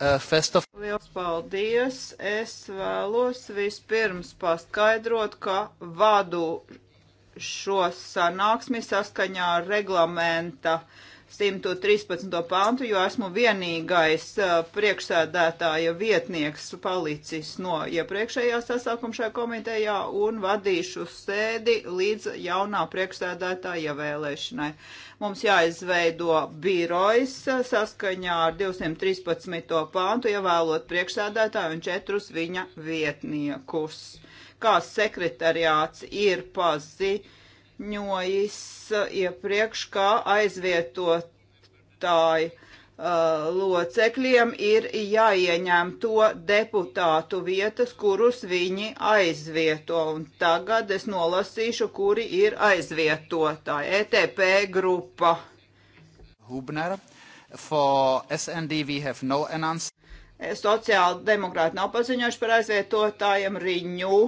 uh, first of. Liels paldies! Es vēlos vispirms paskaidrot, ka vadu šo sanāksmi saskaņā ar reglamenta uh, 113. pantu, jo esmu vienīgais uh, priekšsēdētāja vietnieks palicis no iepriekšējā sasākuma šajā komitejā un vadīšu sēdi līdz jaunā priekšsēdētāja ievēlēšanai. Mums jāizveido birojs uh, saskaņā ar 213. pantu, ievēlot priekšsēdētāju un četrus viņa vietniekus. Kā sekretariāts ir paziņojis paziņojis iepriekš, ka aizvietotāji uh, locekļiem ir jāieņem to deputātu vietas, kurus viņi aizvieto. Un tagad es nolasīšu, kuri ir aizvietotāji. ETP grupa. Hubner. For SND we have no announcement. Sociāldemokrāti nav paziņojuši par aizvietotājiem riņu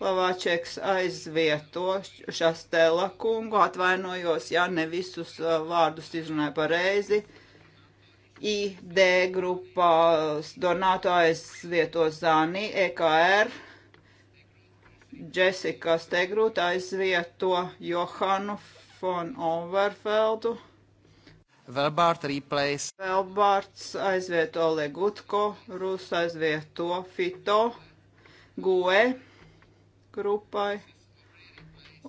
Lavačeks aizvieto Šastela kungu, atvainojos, ja ne visus uh, vārdus izrunāju pareizi. ID grupās Donato aizvieto Zani, EKR, Jessica Stegrūt aizvieto Johanu von Overfeldu. Velbārts replace. Velbārts aizvieto Legutko, Rus aizvieto Fito, Gue grupai.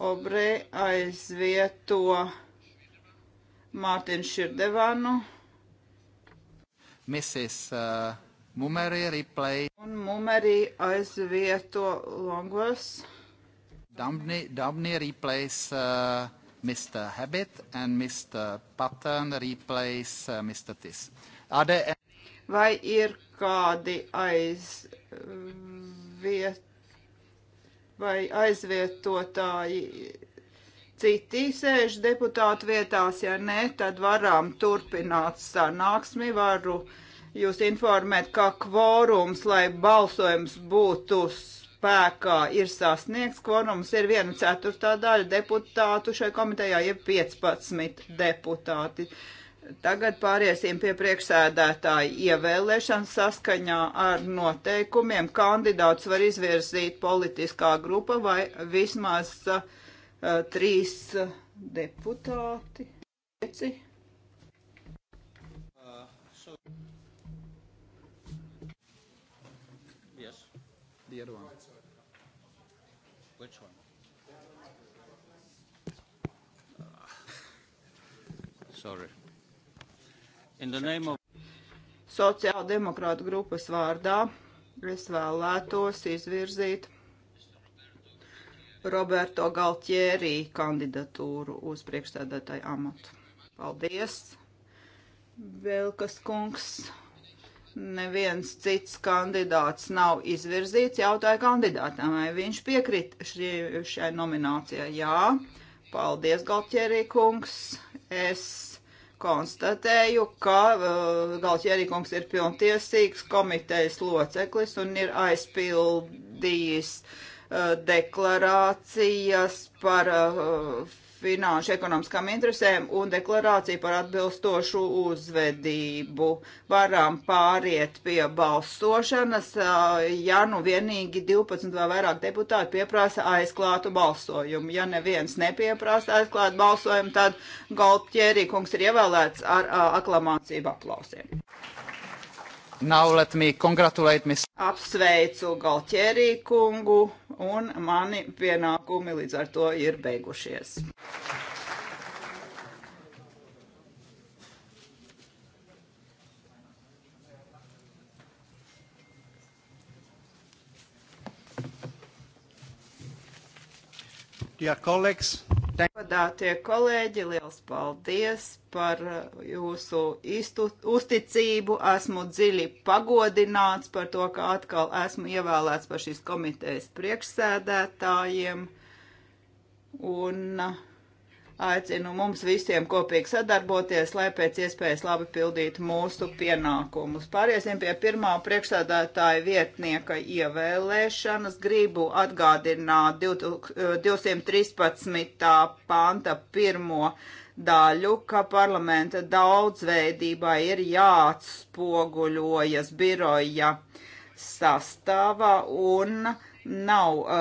Obrē aizvieto Mārtiņu Širdevanu. Mrs. Uh, Mumeri replay. Un Mumeri aizvieto Longos. Dabney, Dabney replace uh, Mr. Habit and Mr. Pattern replace uh, Mr. Tis. Are there any... Vai ir kādi aizviet vai aizvietotāji citi sēž deputātu vietās, ja nē, tad varam turpināt sanāksmi, varu jūs informēt, kā kvorums, lai balsojums būtu spēkā, ir sasniegts. Kvorums ir viena ceturtā daļa deputātu šai komitejā, ir 15 deputāti. Tagad pāriesim pie priekšsēdētāja ievēlēšanas saskaņā ar noteikumiem. Kandidāts var izvirzīt politiskā grupa vai vismaz uh, trīs uh, deputāti. Pieci. Uh, so... yes. The other one. Which one? Uh, sorry. Of... Sociāldemokrāta grupas vārdā es vēlētos izvirzīt Roberto Galtieri kandidatūru uz priekšstādātāju amatu. Paldies! Vilkas kungs. Neviens cits kandidāts nav izvirzīts. Jautāja kandidātam, vai viņš piekrit šie, šai nominācijai. Jā, paldies, Galtjerī kungs. Es konstatēju, ka uh, eh, Galķierīkums ir pilntiesīgs komitejas loceklis un ir aizpildījis uh, Eh, deklarācijas par eh, finanšu ekonomiskām interesēm un deklarāciju par atbilstošu uzvedību. Varam pāriet pie balsošanas, eh, ja nu vienīgi 12 vai vairāk deputāti pieprasa aizklātu balsojumu. Ja neviens nepieprasa aizklātu balsojumu, tad Galtjērī kungs ir ievēlēts ar aklamāciju aplausiem. Now let me congratulate Miss. Apsveicu Galtjerī kungu un mani pienākumi līdz ar to ir beigušies. Dear colleagues, godātie kolēģi, liels paldies par jūsu istu, uzticību. Esmu dziļi pagodināts par to, ka atkal esmu ievēlēts par šīs komitejas priekšsēdētājiem. Un uh, Aicinu mums visiem kopīgi sadarboties, lai pēc iespējas labi pildītu mūsu pienākumus. Pāriesim pie pirmā priekšsādātāja vietnieka ievēlēšanas. Gribu atgādināt 213. Eh, panta pirmo daļu, ka parlamenta daudzveidībā ir jāatspoguļojas biroja sastāvā un uh, Nav uh,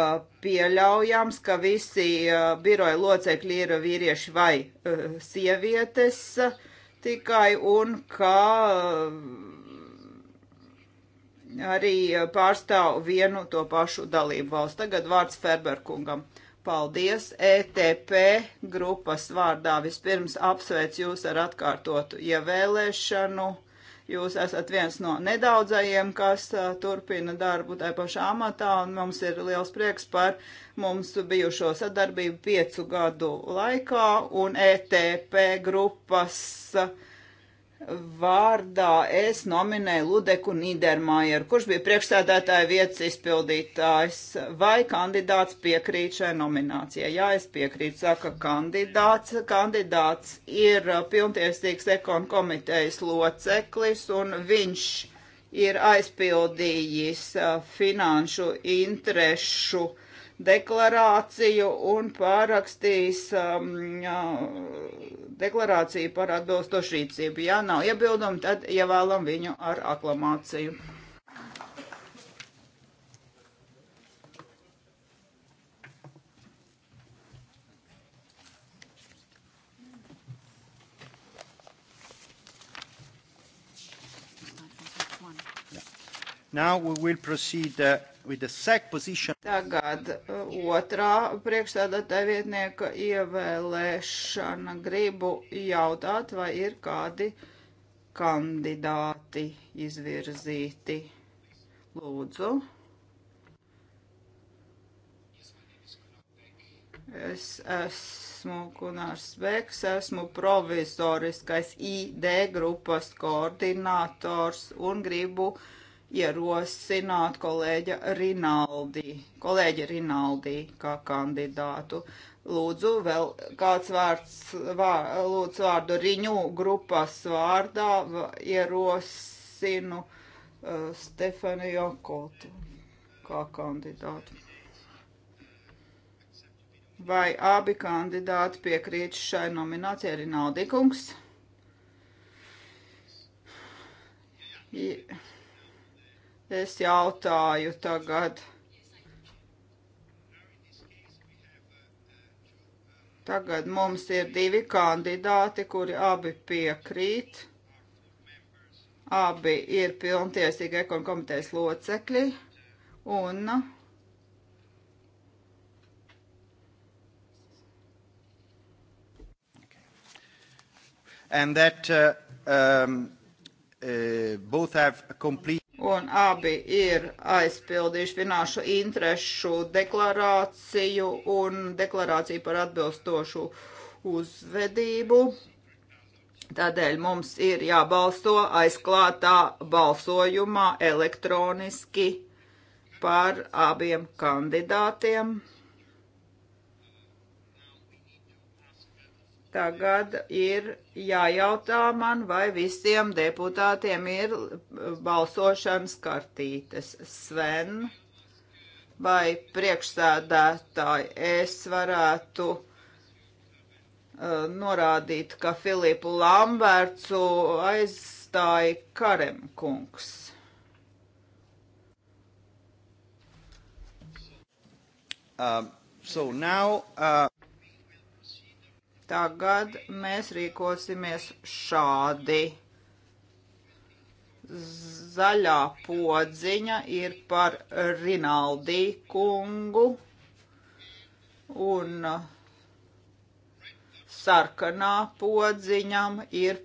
pieļaujams, ka visi uh, biroja locekļi ir vīrieši vai uh, sievietes uh, tikai un ka. Uh, arī uh, pārstāv vienu to pašu dalību valstu. Tagad vārds Ferberkungam. Paldies ETP grupas vārdā. Vispirms apsveic jūs ar atkārtotu ievēlēšanu. Ja Jūs esat viens no nedaudzajiem, kas turpina darbu tajā pašā amatā, un mums ir liels prieks par mums bijušo sadarbību piecu gadu laikā, un ETP grupas uh, vārdā es nominēju Ludeku Nīdermājeru, kurš bija priekšsēdētāja vietas izpildītājs. Vai kandidāts piekrīt šai nominācijai? Jā, es piekrītu, saka kandidāts. Kandidāts ir uh, pilntiesīgs ekon komitejas loceklis un viņš ir aizpildījis uh, finanšu interešu uh, deklarāciju un pārakstīs um, deklarāciju par atbilstošu rīcību. Ja nav iebildumu, tad ievēlam viņu ar aklamāciju. Now we will proceed uh, Tagad uh, otrā priekšstādātāja vietnieka ievēlēšana. Gribu jautāt, vai ir kādi kandidāti izvirzīti. Lūdzu. Es esmu Kunārs Beks, esmu provizoriskais ID grupas koordinators un gribu uh, ierosināt kolēģa Rinaldi, kolēģi Rinaldi kā kandidātu. Lūdzu, vēl kāds vārds, vār, lūdzu vārdu Riņu grupas vārdā ierosinu uh, Stefanu Jokotu kā kandidātu. Vai abi kandidāti piekrīt šai nominācijai Rinaldi kungs? Yeah. Ja. Es jautāju tagad. Tagad mums ir divi kandidāti, kuri abi piekrīt. Abi ir pilntiesīgi ekon komitejas locekļi. Un And that uh, um, uh, both have complete un abi ir aizpildījuši finanšu interešu deklarāciju un deklarāciju par atbilstošu uzvedību. Tādēļ mums ir jābalso aizklātā balsojumā elektroniski par abiem kandidātiem. Tagad ir jājautā man, vai visiem deputātiem ir eh, balsošanas kartītes. Sven, vai priekšsēdētāji, es varētu uh, norādīt, ka Filipu Lambertu aizstāja Karemkungs. Um, uh, so now, uh... Tagad mēs rīkosimies šādi. Zaļā podziņa ir par Rinaldī kungu un sarkanā podziņam ir,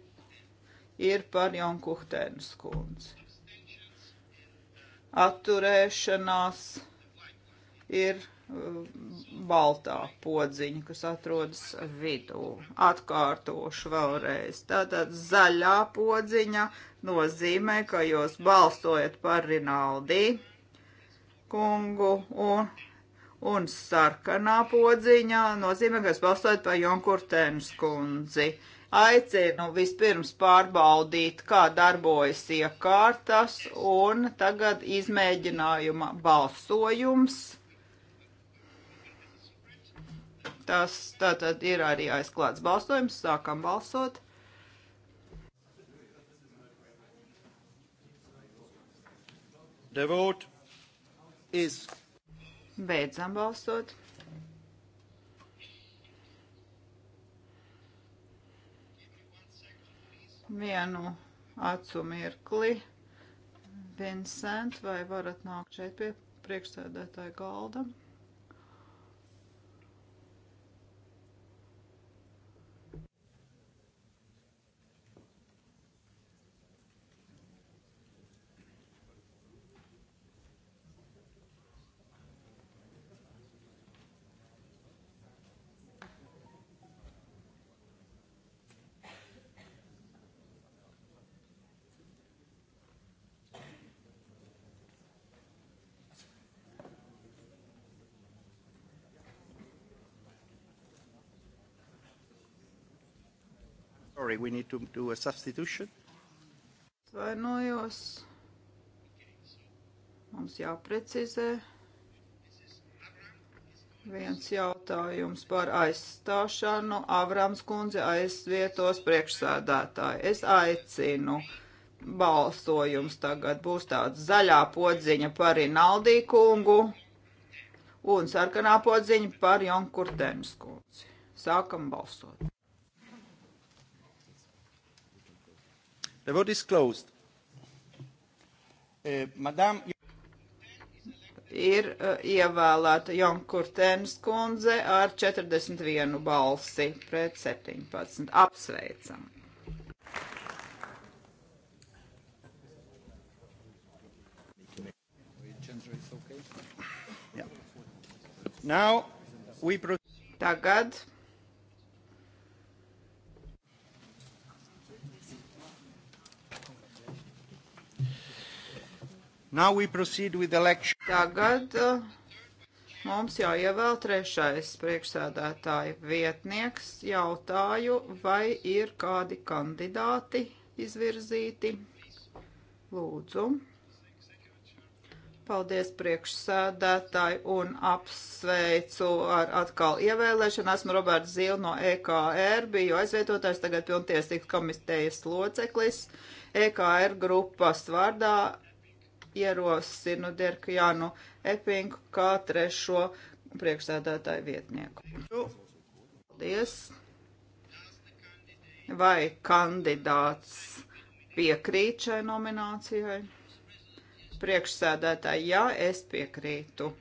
ir par Jonkuhtēnas kundzi. Atturēšanās ir Eh, baltā podziņa, kas atrodas vidū. Atkārtošu vēlreiz. Tātad zaļā podziņa nozīmē, ka jūs balsojat par Rinaldī kungu un, un sarkanā podziņa nozīmē, ka jūs balsojat par Jonkurtēnu skundzi. Aicinu vispirms pārbaudīt, kā darbojas iekārtas un tagad izmēģinājuma balsojums. Tas tātad ir arī aizklāts balsojums. Sākam balsot. The vote is. Beidzam balsot. Vienu acu mirkli. Vincent, vai varat nākt šeit pie priekšsēdētāja galda? Sorry, we need to do a substitution. Svainojos. Mums jāprecizē. Viens jautājums par aizstāšanu. Avrams kundze aizvietos priekšsēdētāju. Es aicinu balsojums tagad būs tāds zaļā podziņa par Rinaldī kungu un sarkanā podziņa par Jonkurtēnas kundzi. Sākam balsot. The vote is closed. Uh, Madame... Ir uh, ievēlēta Jonkurtēnas kundze ar 41 balsi pret 17. Apsveicam! Yeah. Now we Tagad Tagad uh, mums jau ievēl trešais priekšsēdētāja vietnieks. Jautāju, vai ir kādi kandidāti izvirzīti? Lūdzu. Paldies priekšsēdētāji un apsveicu ar atkal ievēlēšanu. Esmu Roberts Zīl no EKR, biju aizvietotājs, tagad pilntiesīgs komitejas loceklis. EKR grupas vārdā ierosinu Derku Jānu Epinku kā trešo priekšsēdētāju vietnieku. Paldies! Vai kandidāts piekrīt šai nominācijai? Priekšsēdētāji, jā, es piekrītu.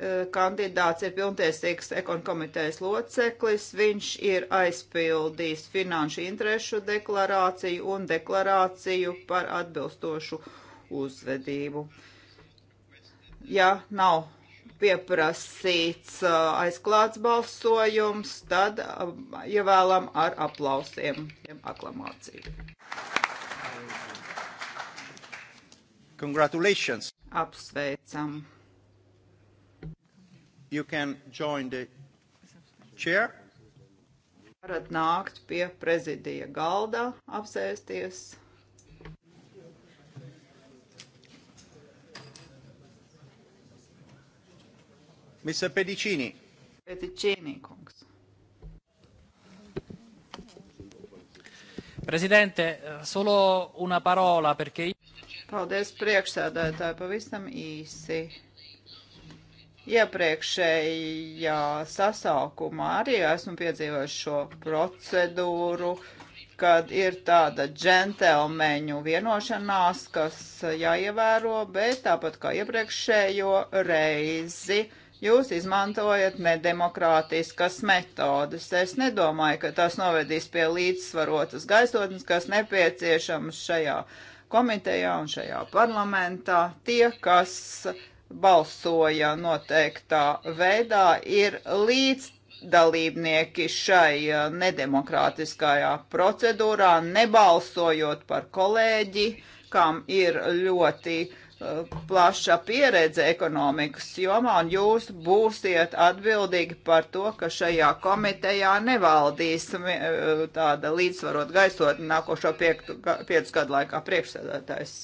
Eh, kandidāts ir pilntiesīgs ekonkomitejas loceklis, viņš ir aizpildījis finanšu interešu deklarāciju un deklarāciju par atbilstošu uzvedību. Ja nav pieprasīts eh, aizklāts balsojums, tad eh, ievēlam ja ar aplausiem, aklamāciju. Congratulations! Apsveicam! you can join the chair. Varat nākt pie prezidija galda, apsēsties. Mr. Pedicini. Pedicini, kungs. Presidente, solo una parola perché... Paldies priekšsēdētāji, pavisam īsi iepriekšējā sasaukumā arī esmu piedzīvojis šo procedūru, kad ir tāda džentelmeņu vienošanās, kas jāievēro, bet tāpat kā iepriekšējo reizi jūs izmantojat nedemokrātiskas metodas. Es nedomāju, ka tas novedīs pie līdzsvarotas gaisotnes, kas nepieciešams šajā komitejā un šajā parlamentā. Tie, kas balsoja noteiktā veidā, ir līdzdalībnieki šai eh, nedemokrātiskajā procedūrā, nebalsojot par kolēģi, kam ir ļoti uh, plaša pieredze ekonomikas jomā, un jūs būsiet atbildīgi par to, ka šajā komitejā nevaldīs uh, tāda līdzsvarot gaisotni nākošo piektu, piecus gadu laikā priekšsēdētājs.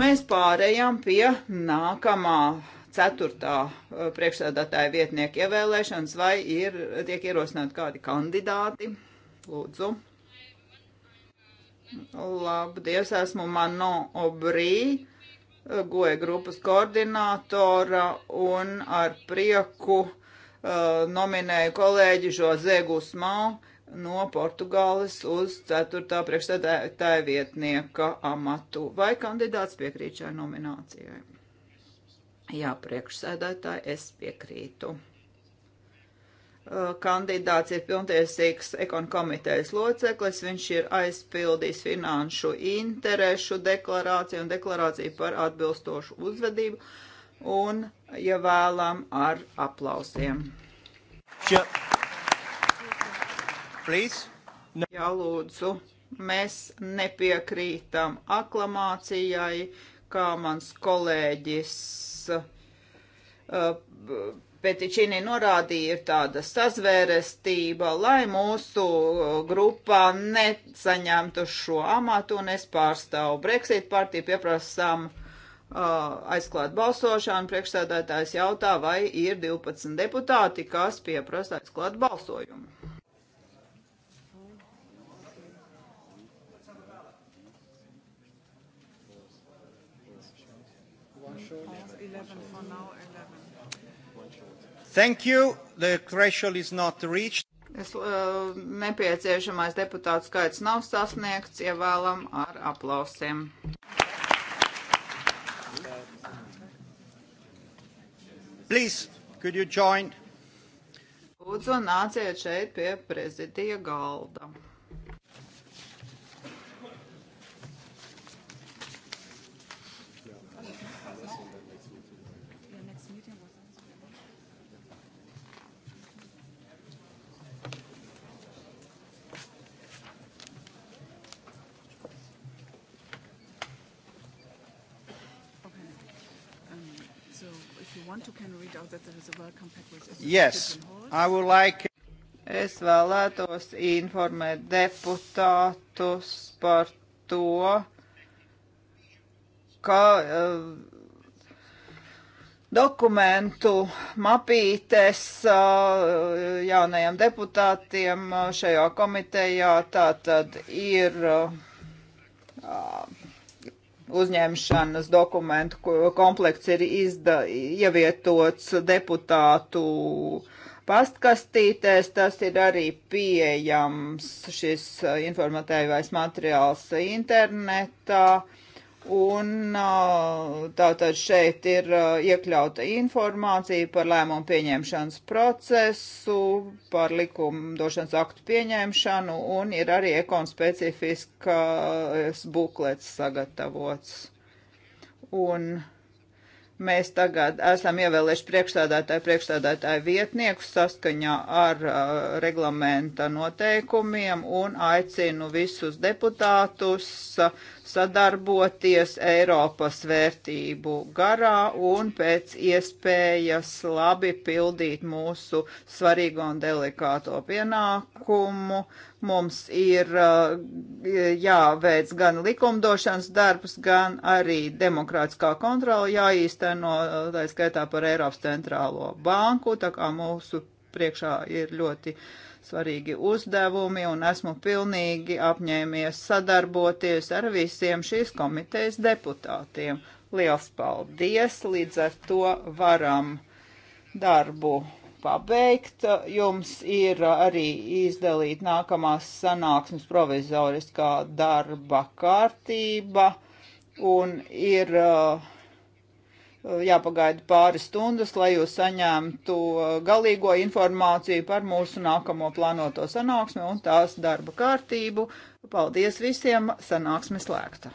Mēs pārējām pie nākamā ceturtā eh, priekšsēdētāja vietnieka ievēlēšanas, vai ir, tiek ierosināti kādi kandidāti? Lūdzu. Labdien, esmu Mano Obrī, eh, goja grupas koordinātora un ar prieku uh, nominēju kolēģi Žozē Gusmau no Portugāles uz 4. priekšstādātāja vietnieka amatu. Vai kandidāts piekrīt šai nominācijai? Jā, priekšsēdētāji, es piekrītu. Kandidāts ir pilntiesīgs ekonu komitejas loceklis, viņš ir aizpildījis finanšu interešu deklarāciju un deklarāciju par atbilstošu uzvedību un, ja vēlam, ar aplausiem. Čia. Sure please. No. Jā, lūdzu, mēs nepiekrītam aklamācijai, kā mans kolēģis uh, Petičīnī norādīja, ir tāda sazvērestība, lai mūsu grupā nesaņemtu šo amatu, un es pārstāvu Brexit partiju, pieprasām uh, aizklāt balsošanu, priekšsēdētājs jautā, vai ir 12 deputāti, kas pieprasa aizklāt balsojumu. Thank you. The threshold is not reached. Es, uh, nepieciešamais deputātu skaits nav sasniegts, ievēlam ar aplausiem. Please, could you join? Lūdzu, nāciet šeit pie prezidija galda. want, you can read out that there is a welcome package. Yes, I would like. Es vēlētos informēt deputātus par to, ka uh, dokumentu mapītes uh, jaunajiem deputātiem eh, šajā komitejā tātad ir uh, uzņemšanas dokumentu komplekts ir izda, ievietots deputātu pastkastītēs. Tas ir arī pieejams šis eh, informatīvais materiāls internetā. Uh, Un uh, tātad šeit ir uh, iekļauta informācija par lēmumu pieņemšanas procesu, par likumdošanas aktu pieņemšanu, un ir arī ekon specifiskas uh, buklets sagatavots. Un Mēs tagad esam ievēlējuši priekšstādātāju priekšstādātāju vietnieku saskaņā ar uh, reglamenta noteikumiem un aicinu visus deputātus uh, sadarboties Eiropas vērtību garā un pēc iespējas labi pildīt mūsu svarīgo un delikāto pienākumu Mums ir uh, jāveic gan likumdošanas darbs, gan arī demokrātiskā kontrola jāīsteno, tā skaitā par Eiropas centrālo banku, tā kā mūsu priekšā ir ļoti svarīgi uzdevumi un esmu pilnīgi apņēmies sadarboties ar visiem šīs komitejas deputātiem. Liels paldies! Līdz ar to varam darbu pabeigt. Jums ir arī izdalīt nākamās sanāksmes provizoriskā darba kārtība un ir uh, jāpagaida pāris stundas, lai jūs saņemtu galīgo informāciju par mūsu nākamo plānoto sanāksmi un tās darba kārtību. Paldies visiem! Sanāksme slēgta!